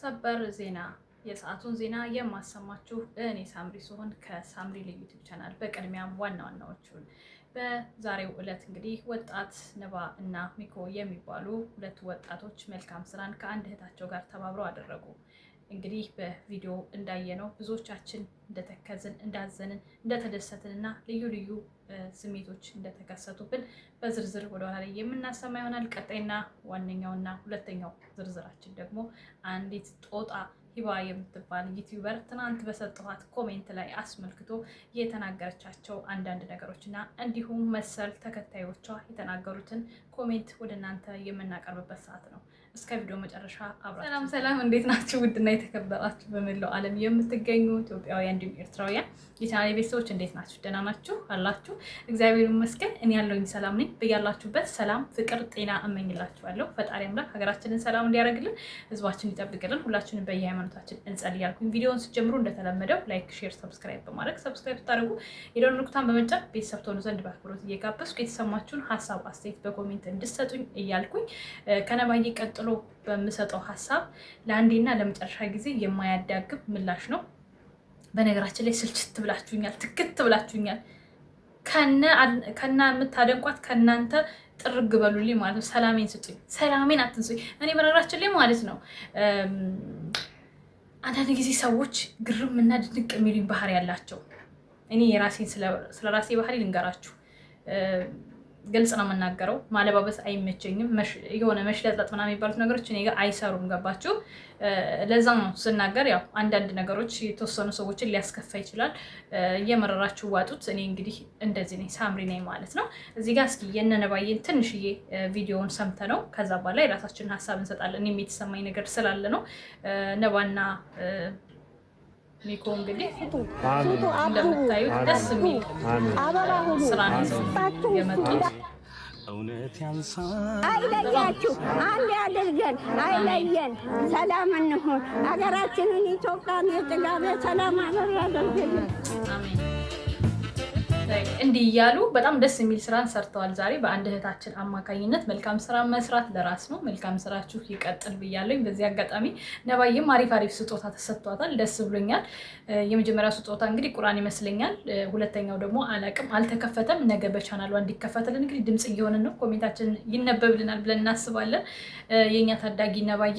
ሰበር ዜና የሰዓቱን ዜና የማሰማችሁ እኔ ሳምሪ ሲሆን ከሳምሪ ልዩ ዩቲዩብ ቻናል በቅድሚያም ዋና ዋናዎቹን በዛሬው ዕለት እንግዲህ ወጣት ንባ እና ሚኮ የሚባሉ ሁለት ወጣቶች መልካም ስራን ከአንድ እህታቸው ጋር ተባብረው አደረጉ። እንግዲህ በቪዲዮ እንዳየነው ብዙዎቻችን እንደተከዝን እንዳዘንን እንደተደሰትን እና ልዩ ልዩ ስሜቶች እንደተከሰቱብን በዝርዝር ወደኋላ ላይ የምናሰማ ይሆናል። ቀጣይና ዋነኛውና ሁለተኛው ዝርዝራችን ደግሞ አንዲት ጦጣ ሂባ የምትባል ዩቲዩበር ትናንት በሰጠኋት ኮሜንት ላይ አስመልክቶ የተናገረቻቸው አንዳንድ ነገሮች እና እንዲሁም መሰል ተከታዮቿ የተናገሩትን ኮሜንት ወደ እናንተ የምናቀርብበት ሰዓት ነው። እስከ ቪዲዮ መጨረሻ አብራ። ሰላም ሰላም፣ እንዴት ናችሁ? ውድና የተከበራችሁ በመላው ዓለም የምትገኙ ኢትዮጵያውያን እንዲሁም ኤርትራውያን የቻናሌ ቤተሰቦች እንዴት ናችሁ? ደህና ናችሁ አላችሁ? እግዚአብሔር ይመስገን እኔ ያለው ሰላም ነኝ። በያላችሁበት ሰላም፣ ፍቅር፣ ጤና እመኝላችኋለሁ። ፈጣሪ አምላክ ሀገራችንን ሰላም እንዲያደርግልን፣ ህዝባችን ይጠብቅልን። ሁላችንም በየሃይማኖታችን እንጸልይ ያልኩኝ ቪዲዮውን ስጀምሩ እንደተለመደው ላይክ፣ ሼር፣ ሰብስክራይብ በማድረግ ሰብስክራይብ ስታደርጉ የደወል ምልክቱን በመጫን ቤተሰብ ትሆኑ ዘንድ በአክብሮት እየጋበዝኩ የተሰማችሁን ሀሳብ አስተያየት በኮሜንት እንድሰጡኝ እያልኩኝ ከነባዬ ቀጥ ቀጥሎ በምሰጠው ሀሳብ ለአንዴና ለመጨረሻ ጊዜ የማያዳግም ምላሽ ነው። በነገራችን ላይ ስልችት ብላችሁኛል፣ ትክት ብላችሁኛል። ከና የምታደንቋት ከእናንተ ጥርግ በሉልኝ ማለት ነው። ሰላሜን ስጡኝ፣ ሰላሜን አትንሱኝ። እኔ በነገራችን ላይ ማለት ነው አንዳንድ ጊዜ ሰዎች ግርም እና ድንቅ የሚሉኝ ባህሪ ያላቸው እኔ የራሴን ስለ ራሴ ባህሪ ልንገራችሁ። ግልጽ ነው የምናገረው። ማለባበስ አይመቸኝም። የሆነ መሽለጠጥ ምናምን የሚባሉት ነገሮች እኔ ጋር አይሰሩም። ገባችሁ? ለዛ ነው ስናገር፣ ያው አንዳንድ ነገሮች የተወሰኑ ሰዎችን ሊያስከፋ ይችላል። እየመረራችሁ ዋጡት። እኔ እንግዲህ እንደዚህ ነኝ፣ ሳምሪ ነኝ ማለት ነው። እዚህ ጋር እስኪ የነነባየን ትንሽዬ ቪዲዮውን ሰምተ ነው ከዛ በኋላ የራሳችንን ሀሳብ እንሰጣለን። እኔም የተሰማኝ ነገር ስላለ ነው ነባና ሚኮ እንግዲህ እንደምታዩት ደስ የሚል የመጡት እውነት ያንሳል። አይለያችሁ፣ አንድ ያድርገን፣ አይለየን። ሰላም እንሆን። ሀገራችንን ኢትዮጵያን የጥጋቤ ሰላም አገር ያደርግልን። እንዲህ እያሉ በጣም ደስ የሚል ስራን ሰርተዋል። ዛሬ በአንድ እህታችን አማካኝነት መልካም ስራ መስራት ለራስ ነው። መልካም ስራችሁ ይቀጥል ብያለኝ። በዚህ አጋጣሚ ነባዬም አሪፍ አሪፍ ስጦታ ተሰጥቷታል። ደስ ብሎኛል። የመጀመሪያ ስጦታ እንግዲህ ቁርአን ይመስለኛል። ሁለተኛው ደግሞ አላቅም፣ አልተከፈተም። ነገ በቻናሉ እንዲከፈተልን እንግዲህ ድምፅ እየሆንን ነው። ኮሜንታችን ይነበብልናል ብለን እናስባለን። የእኛ ታዳጊ ነባዬ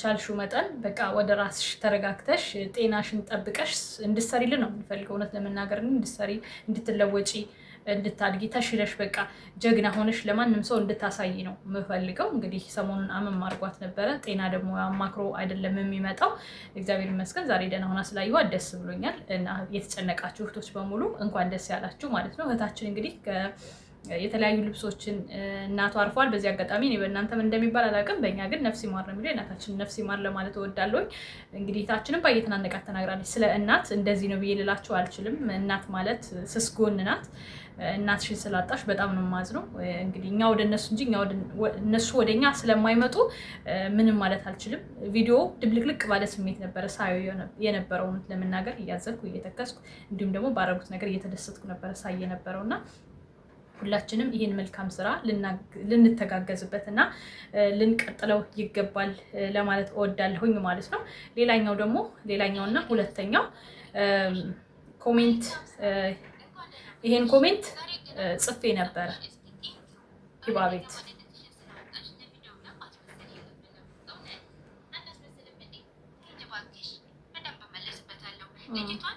ቻልሹ መጠን በቃ ወደ ራስሽ ተረጋግተሽ ጤናሽን ጠብቀሽ እንድትሰሪልን ነው የምንፈልገው። እውነት ለመናገር እንድትሰሪ፣ እንድትለወጪ፣ እንድታድጊ ተሽለሽ በቃ ጀግና ሆነሽ ለማንም ሰው እንድታሳይ ነው የምፈልገው። እንግዲህ ሰሞኑን አመም አድርጓት ነበረ። ጤና ደግሞ አማክሮ አይደለም የሚመጣው። እግዚአብሔር ይመስገን ዛሬ ደህና ሆና ስላየኋት ደስ ብሎኛል። እና የተጨነቃችሁ እህቶች በሙሉ እንኳን ደስ ያላችሁ ማለት ነው። እህታችን እንግዲህ የተለያዩ ልብሶችን እናቱ አርፈዋል። በዚህ አጋጣሚ እኔ በእናንተም እንደሚባል አላውቅም፣ በእኛ ግን ነፍስ ይማር ነው የሚለው። እናታችን ነፍስ ይማር ለማለት እወዳለሁኝ። እንግዲህ ታችንም ባየተናነቃት ተናግራለች። ስለ እናት እንደዚህ ነው ብዬ ልላቸው አልችልም። እናት ማለት ስስ ጎን ናት። እናትሽን ስላጣሽ በጣም ነው የማዝነው። እንግዲህ እኛ ወደ እነሱ እንጂ እነሱ ወደ እኛ ስለማይመጡ ምንም ማለት አልችልም። ቪዲዮ ድብልቅልቅ ባለ ስሜት ነበረ ሳየው የነበረው ለመናገር እያዘንኩ እየተከስኩ እንዲሁም ደግሞ ባረጉት ነገር እየተደሰትኩ ነበረ ሳይ የነበረው እና ሁላችንም ይህን መልካም ስራ ልንተጋገዝበት እና ልንቀጥለው ይገባል ለማለት እወዳለሁኝ ማለት ነው። ሌላኛው ደግሞ ሌላኛውና ሁለተኛው ኮሜንት ይሄን ኮሜንት ጽፌ ነበረ ሂባ ቤት ልጅቷን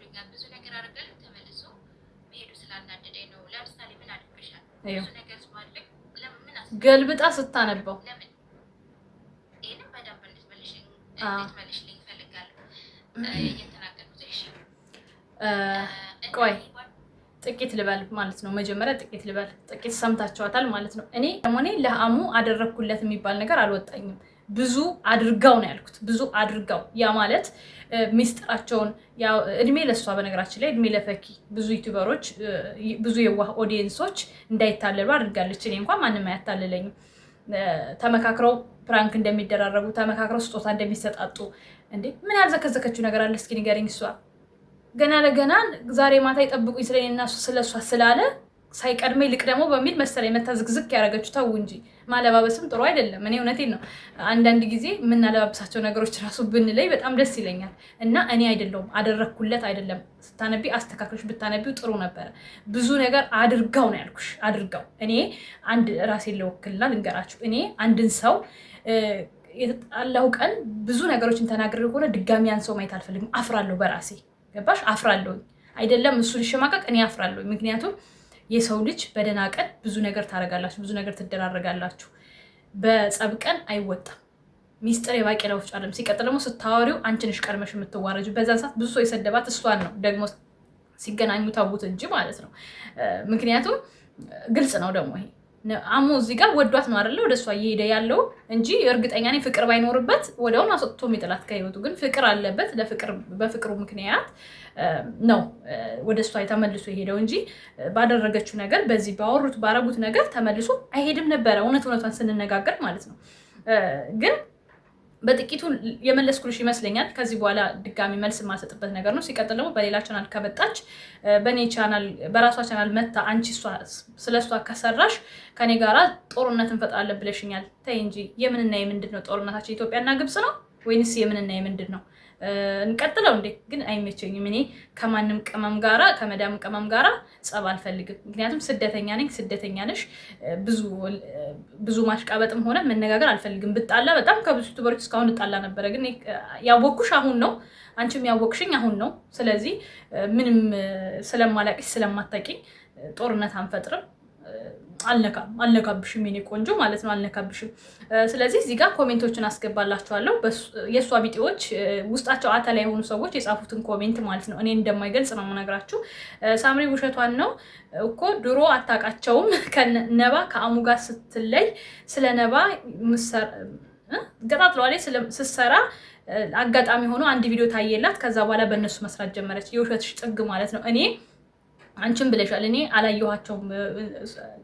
ገልብጣ ስታነባው ቆይ ጥቂት ልበል ማለት ነው። መጀመሪያ ጥቂት ልበል። ጥቂት ሰምታችኋታል ማለት ነው። እኔ ለሞኔ ለአሙ አደረግኩለት የሚባል ነገር አልወጣኝም። ብዙ አድርጋው ነው ያልኩት። ብዙ አድርጋው ያ ማለት ሚስጥራቸውን እድሜ ለእሷ በነገራችን ላይ እድሜ ለፈኪ ብዙ ዩቱበሮች ብዙ የዋህ ኦዲየንሶች እንዳይታለሉ አድርጋለች። እኔ እንኳን ማንም አያታልለኝም። ተመካክረው ፕራንክ እንደሚደራረጉ ተመካክረው ስጦታ እንደሚሰጣጡ እንዴ ምን ያልዘከዘከችው ነገር አለ? እስኪ ንገረኝ። እሷ ገና ለገና ዛሬ ማታ ይጠብቁኝ እና ስለእሷ ስላለ ሳይቀድመኝ ልቅደመው በሚል መሰለኝ መታ ዝግዝግ ያደረገችው። ተው እንጂ ማለባበስም ጥሩ አይደለም። እኔ እውነቴን ነው። አንዳንድ ጊዜ የምናለባብሳቸው ነገሮች ራሱ ብንለይ በጣም ደስ ይለኛል። እና እኔ አይደለውም አደረግኩለት አይደለም። ስታነቢ አስተካክሎች ብታነቢው ጥሩ ነበረ። ብዙ ነገር አድርጋው ነው ያልኩሽ፣ አድርጋው። እኔ አንድ ራሴን ለወክልና ልንገራችሁ። እኔ አንድን ሰው የተጣላው ቀን ብዙ ነገሮችን ተናግሬ ከሆነ ድጋሚ ያን ሰው ማየት አልፈልግም። አፍራለሁ በራሴ ገባሽ? አፍራለሁኝ። አይደለም እሱ ሊሸማቀቅ እኔ አፍራለሁኝ። ምክንያቱም የሰው ልጅ በደህና ቀን ብዙ ነገር ታደርጋላችሁ፣ ብዙ ነገር ትደራረጋላችሁ። በጸብ ቀን አይወጣም ሚስጥር የባቄላ ወፍጮ ዓለም። ሲቀጥል ደግሞ ስታወሪው አንቺ ነሽ ቀድመሽ የምትዋረጅ። በዛን ሰዓት ብዙ ሰው የሰደባት እሷን ነው ደግሞ ሲገናኙ ታቡት እንጂ ማለት ነው። ምክንያቱም ግልጽ ነው ደግሞ ይሄ አሞ እዚህ ጋር ወዷት ነው አይደለ? ወደ እሷ እየሄደ ያለው እንጂ እርግጠኛ ነኝ ፍቅር ባይኖርበት ወዲያውኑ አስወጥቶ የሚጥላት ከህይወቱ። ግን ፍቅር አለበት። በፍቅሩ ምክንያት ነው ወደ እሷ ተመልሶ የሄደው እንጂ ባደረገችው ነገር፣ በዚህ ባወሩት ባረጉት ነገር ተመልሶ አይሄድም ነበረ። እውነት እውነቷን ስንነጋገር ማለት ነው ግን በጥቂቱ የመለስኩልሽ ይመስለኛል። ከዚህ በኋላ ድጋሚ መልስ የማሰጥበት ነገር ነው። ሲቀጥል ደግሞ በሌላ ቻናል ከመጣች በእኔ ቻናል በራሷ ቻናል መታ አንቺ ስለ እሷ ከሰራሽ ከኔ ጋራ ጦርነት እንፈጥራለን ብለሽኛል። ተይ እንጂ የምንና የምንድን ነው ጦርነታችን? ኢትዮጵያና ግብጽ ነው ወይንስ የምንና የምንድን ነው? እንቀጥለው እንዴ? ግን አይመቸኝም። እኔ ከማንም ቅመም ጋራ ከመዳም ቅመም ጋራ ጸብ አልፈልግም። ምክንያቱም ስደተኛ ነኝ፣ ስደተኛ ነሽ። ብዙ ማሽቃበጥም ሆነ መነጋገር አልፈልግም። ብጣላ በጣም ከብዙ ቱበሮች እስካሁን እጣላ ነበረ። ግን ያወቅኩሽ አሁን ነው፣ አንቺም ያወቅሽኝ አሁን ነው። ስለዚህ ምንም ስለማላቅሽ ስለማታቂኝ ጦርነት አንፈጥርም። አልነካም አልነካብሽም የኔ ቆንጆ ማለት ነው አልነካብሽም። ስለዚህ እዚህ ጋር ኮሜንቶችን አስገባላችኋለሁ። የእሷ ቢጤዎች ውስጣቸው አታ ላይ የሆኑ ሰዎች የጻፉትን ኮሜንት ማለት ነው። እኔ እንደማይገልጽ ነው የምነግራችሁ። ሳምሪ ውሸቷን ነው እኮ ድሮ አታውቃቸውም። ነባ ከአሙ ጋር ስትለይ ስለ ነባ ላይ ስትሰራ አጋጣሚ ሆኖ አንድ ቪዲዮ ታየላት። ከዛ በኋላ በእነሱ መስራት ጀመረች። የውሸትሽ ጥግ ማለት ነው እኔ አንቺም ብለሻል። እኔ አላየኋቸውም።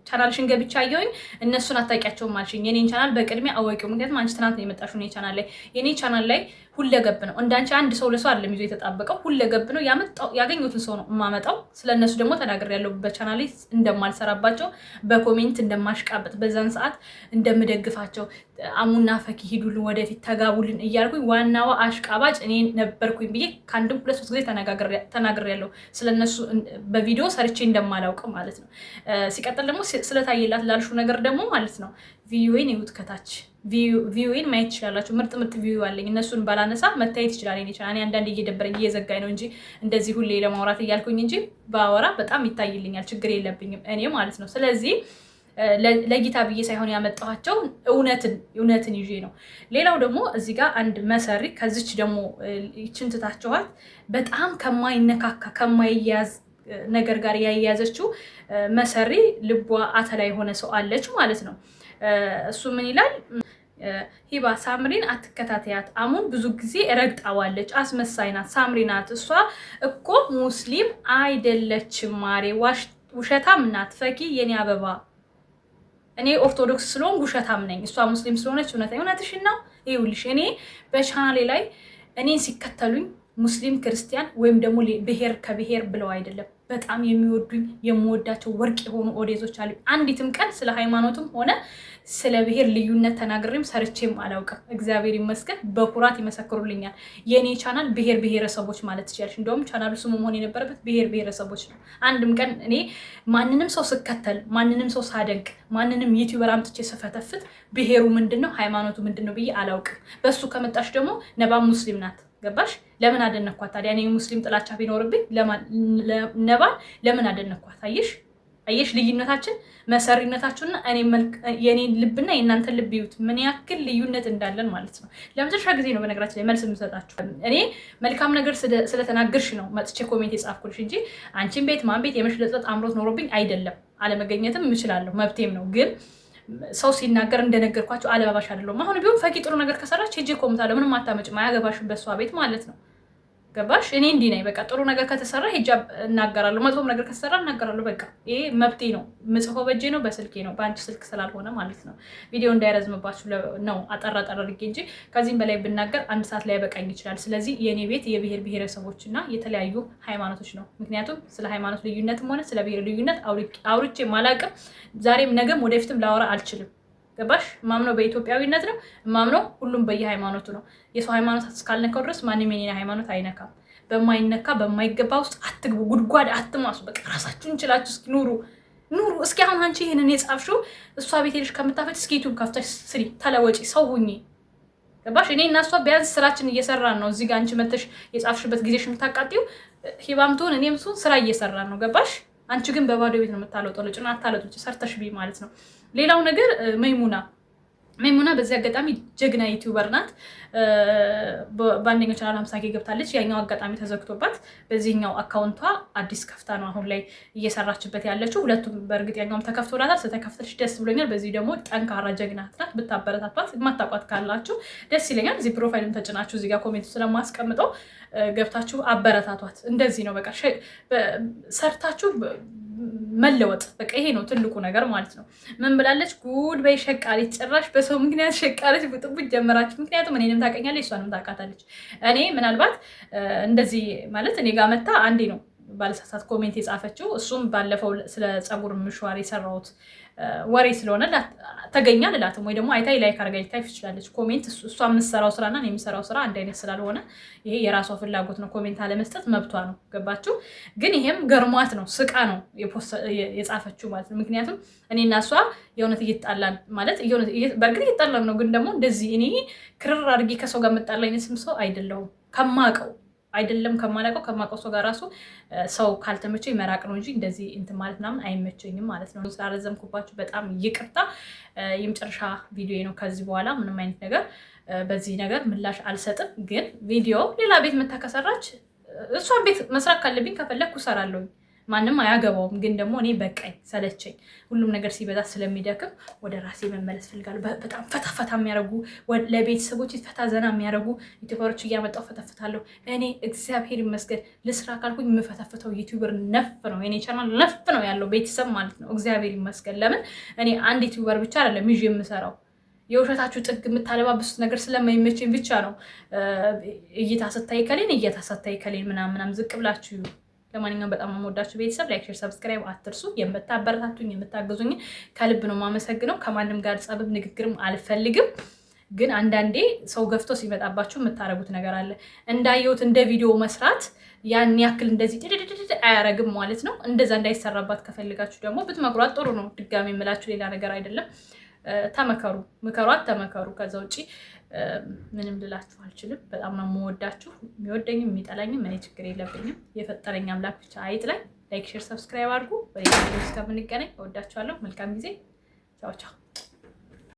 ቻናልሽን ገብቻ አየሁኝ። እነሱን አታውቂያቸውም አልሽኝ። የኔን ቻናል በቅድሚያ አወቂው። ምክንያቱም አንቺ ትናንት ነው የመጣሽው እኔ ቻናል ላይ የኔ ቻናል ላይ ሁለገብ ነው። እንዳንቺ አንድ ሰው ለሰው አይደለም ይዞ የተጣበቀው ሁለገብ ነው። ያገኙትን ሰው ነው የማመጣው። ስለእነሱ ደግሞ ተናገር ያለው በቻናሌ እንደማልሰራባቸው በኮሜንት እንደማሽቃበጥ በዛን ሰዓት እንደምደግፋቸው አሙና ፈኪ ሂዱልን፣ ወደፊት ተጋቡልን እያልኩኝ ዋናዋ አሽቃባጭ እኔ ነበርኩኝ ብዬ ከአንድም ሁለት ሶስት ጊዜ ተናግር ያለው ስለነሱ በቪዲዮ ሰርቼ እንደማላውቅ ማለት ነው። ሲቀጥል ደግሞ ስለታየላት ላልሹ ነገር ደግሞ ማለት ነው ቪዲዮን ይዩት ከታች ቪዩን ማየት ትችላላችሁ። ምርጥ ምርጥ ቪዩ አለኝ። እነሱን ባላነሳ መታየት ይችላል። ኔ ቻናል አንዳንድ እየደበረኝ እየዘጋኝ ነው እንጂ እንደዚህ ሁሌ ለማውራት እያልኩኝ እንጂ በአወራ በጣም ይታይልኛል። ችግር የለብኝም እኔ ማለት ነው። ስለዚህ ለእይታ ብዬ ሳይሆን ያመጣኋቸው እውነትን እውነትን ይዤ ነው። ሌላው ደግሞ እዚህ ጋር አንድ መሰሪ ከዚች ደግሞ ይችን ትታችኋት በጣም ከማይነካካ ከማይያዝ ነገር ጋር ያያዘችው መሰሪ ልቧ አተላ የሆነ ሰው አለች ማለት ነው። እሱ ምን ይላል? ሂባ ሳምሪን አትከታተያት። አሁን ብዙ ጊዜ ረግጣዋለች። አስመሳይ ናት፣ ሳምሪ ናት። እሷ እኮ ሙስሊም አይደለችም። ማሬ ውሸታም ናት። ፈኪ የኔ አበባ፣ እኔ ኦርቶዶክስ ስለሆንኩ ውሸታም ነኝ። እሷ ሙስሊም ስለሆነች እውነት እውነትሽን ነው። ይኸውልሽ እኔ በቻናሌ ላይ እኔን ሲከተሉኝ ሙስሊም ክርስቲያን፣ ወይም ደግሞ ብሄር ከብሄር ብለው አይደለም በጣም የሚወዱኝ የምወዳቸው ወርቅ የሆኑ ኦዴዞች አሉ። አንዲትም ቀን ስለ ሃይማኖትም ሆነ ስለ ብሔር ልዩነት ተናግሬም ሰርቼም አላውቅም። እግዚአብሔር ይመስገን በኩራት ይመሰክሩልኛል። የእኔ ቻናል ብሔር ብሔረሰቦች ማለት ትችላለች። እንደውም ቻናሉ ስሙ መሆን የነበረበት ብሔር ብሔረሰቦች ነው። አንድም ቀን እኔ ማንንም ሰው ስከተል፣ ማንንም ሰው ሳደንቅ፣ ማንንም ዩቲዩበር አምጥቼ ስፈተፍት ብሔሩ ምንድን ነው ሃይማኖቱ ምንድን ነው ብዬ አላውቅም። በእሱ ከመጣች ደግሞ ነባ ሙስሊም ናት ገባሽ? ለምን አደነኳት ታዲያ? እኔ ሙስሊም ጥላቻ ቢኖርብኝ ነባን ለምን አደነኳት? አየሽ አየሽ ልዩነታችን መሰሪነታችሁና የኔን ልብና የእናንተን ልብ ይዩት፣ ምን ያክል ልዩነት እንዳለን ማለት ነው። ለመጨረሻ ጊዜ ነው በነገራችን ላይ መልስ የምሰጣችሁ። እኔ መልካም ነገር ስለተናገርሽ ነው መጥቼ ኮሜንት የጻፍኩልሽ እንጂ አንቺን ቤት ማን ቤት የመሽለጠጥ አምሮት ኖሮብኝ አይደለም። አለመገኘትም እችላለሁ፣ መብቴም ነው ግን ሰው ሲናገር እንደነገርኳቸው አለባባሽ አይደለሁም። አሁን ቢሆን ፈቂ ጥሩ ነገር ከሰራች ሂጂ እኮ እምታለሁ ምንም አታመጭም፣ አያገባሽም በሷ ቤት ማለት ነው። ገባሽ? እኔ እንዲህ ነኝ። በቃ ጥሩ ነገር ከተሰራ ሂጃብ እናገራለሁ፣ መጥፎም ነገር ከተሰራ እናገራለሁ። በቃ ይሄ መብቴ ነው። ምጽፎ በጄ ነው፣ በስልኬ ነው። በአንቺ ስልክ ስላልሆነ ማለት ነው። ቪዲዮ እንዳይረዝምባችሁ ነው አጠራ ጠራ አድርጌ እንጂ ከዚህም በላይ ብናገር አንድ ሰዓት ላይ ያበቃኝ ይችላል። ስለዚህ የእኔ ቤት የብሄር ብሄረሰቦች እና የተለያዩ ሃይማኖቶች ነው። ምክንያቱም ስለ ሃይማኖት ልዩነትም ሆነ ስለ ብሄር ልዩነት አውርቼ ማላቅም ዛሬም ነገም ወደፊትም ላወራ አልችልም። ገባሽ? ማምነው በኢትዮጵያዊነት ነው። ማምነው ሁሉም በየሃይማኖቱ ነው። የሰው ሃይማኖት እስካልነካው ድረስ ማንም የኔን ሃይማኖት አይነካም። በማይነካ በማይገባ ውስጥ አትግቡ፣ ጉድጓድ አትማሱ። በቃ ራሳችሁ እንችላችሁ እስኪ ኑሩ ኑሩ። እስኪ አሁን አንቺ ይህንን የጻፍሽው እሷ ቤት ሄደሽ ከምታፈጭ እስኪ ዩቱብ ከፍተሽ ስሪ፣ ተለወጪ፣ ሰው ሁኚ። ገባሽ? እኔ እና እሷ ቢያንስ ስራችን እየሰራን ነው። እዚህ ጋር አንቺ መተሽ የጻፍሽበት ጊዜሽ የምታቃጢው ሂባምትሆን እኔም ሱን ስራ እየሰራን ነው። ገባሽ? አንቺ ግን በባዶ ቤት ነው የምታለጠለጭ እና አታለጡች ሰርተሽ ቢ ማለት ነው። ሌላው ነገር መይሙና መይሙና በዚህ አጋጣሚ ጀግና ዩቲዩበር ናት። በአንደኛው ቻናል ሀምሳ ኬ ገብታለች። ያኛው አጋጣሚ ተዘግቶባት በዚህኛው አካውንቷ አዲስ ከፍታ ነው አሁን ላይ እየሰራችበት ያለችው። ሁለቱም በእርግጥ ያኛውም ተከፍቶላታል። ስተከፍተች ደስ ብሎኛል። በዚህ ደግሞ ጠንካራ ጀግና ናት። ብታበረታቷት፣ የማታውቋት ካላችሁ ደስ ይለኛል። እዚህ ፕሮፋይልም ተጭናችሁ እዚጋ ኮሜንቱ ስለማስቀምጠው ገብታችሁ አበረታቷት። እንደዚህ ነው በቃ ሰርታችሁ መለወጥ በቃ ይሄ ነው ትልቁ ነገር ማለት ነው። ምን ብላለች? ጉድ በይ ሸቃለች። ጭራሽ በሰው ምክንያት ሸቃለች፣ ብጥብጥ ጀመራችሁ። ምክንያቱም እኔንም ታቀኛለች፣ እሷንም ታውቃታለች። እኔ ምናልባት እንደዚህ ማለት እኔ ጋር መታ አንዴ ነው ባለሳሳት ኮሜንት የጻፈችው እሱም ባለፈው ስለ ፀጉር ምሽዋር የሰራሁት ወሬ ስለሆነ ተገኛ ልላትም ወይ ደግሞ አይታይ ላይክ አርጋ ልታይ ትችላለች። ኮሜንት እሷ የምትሰራው ስራና የሚሰራው ስራ አንድ አይነት ስላልሆነ ይሄ የራሷ ፍላጎት ነው። ኮሜንት አለመስጠት መብቷ ነው። ገባችሁ? ግን ይሄም ገርሟት ነው ስቃ ነው የጻፈችው ማለት ነው። ምክንያቱም እኔና እሷ የእውነት እየጣላን ማለት በእርግጥ እየጣላን ነው፣ ግን ደግሞ እንደዚህ እኔ ክርር አድርጌ ከሰው ጋር መጣላ አይነት ሰው አይደለሁም ከማውቀው አይደለም ከማላውቀው ከማውቀው ሰው ጋር ራሱ ሰው ካልተመቸኝ መራቅ ነው እንጂ እንደዚህ እንትን ማለት ምናምን አይመቸኝም ማለት ነው። ስላረዘምኩባችሁ በጣም ይቅርታ። የመጨረሻ ቪዲዮ ነው። ከዚህ በኋላ ምንም አይነት ነገር በዚህ ነገር ምላሽ አልሰጥም። ግን ቪዲዮ ሌላ ቤት መታ ከሰራች እሷን ቤት መስራት ካለብኝ ከፈለግኩ እሰራለሁኝ። ማንም አያገባውም። ግን ደግሞ እኔ በቃኝ ሰለቸኝ፣ ሁሉም ነገር ሲበዛ ስለሚደክም ወደ ራሴ መመለስ ፈልጋለሁ። በጣም ፈታ ፈታ የሚያደርጉ ለቤተሰቦች ፈታ ዘና የሚያደርጉ ዩቲዩበሮች እያመጣው ፈተፍታለሁ። እኔ እግዚአብሔር ይመስገን ልስራ ካልኩኝ የምፈተፍተው ዩቲዩበር ነፍ ነው፣ የኔ ቻናል ነፍ ነው ያለው ቤተሰብ ማለት ነው። እግዚአብሔር ይመስገን። ለምን እኔ አንድ ዩቲዩበር ብቻ አይደለም ይዤ የምሰራው የውሸታችሁ ጥግ የምታለባብሱት ነገር ስለማይመቸኝ ብቻ ነው። እይታ ስታይ ከሌን እይታ ስታይ ከሌን ምናምናም ዝቅ ብላችሁ ለማንኛውም በጣም የምወዳችሁ ቤተሰብ ላይክ፣ ሼር፣ ሰብስክራይብ አትርሱ። የምታበረታቱኝ የምታግዙኝ ከልብ ነው የማመሰግነው። ከማንም ጋር ጸብም ንግግርም አልፈልግም። ግን አንዳንዴ ሰው ገፍቶ ሲመጣባችሁ የምታረጉት ነገር አለ። እንዳየሁት እንደ ቪዲዮ መስራት ያን ያክል እንደዚህ ድድድድ አያረግም ማለት ነው። እንደዛ እንዳይሰራባት ከፈልጋችሁ ደግሞ ብትመክሯት ጥሩ ነው። ድጋሚ የምላችሁ ሌላ ነገር አይደለም። ተመከሩ፣ ምከሯት፣ ተመከሩ። ከዛ ውጭ ምንም ልላችሁ አልችልም። በጣም ነው የምወዳችሁ። የሚወደኝም የሚጠላኝም እኔ ችግር የለብኝም። የፈጠረኝ አምላክ ብቻ አይጥላኝ። ላይክ፣ ሼር፣ ሰብስክራይብ አድርጉ። በሌላ እስከምንገናኝ እወዳችኋለሁ። መልካም ጊዜ። ቻው ቻው።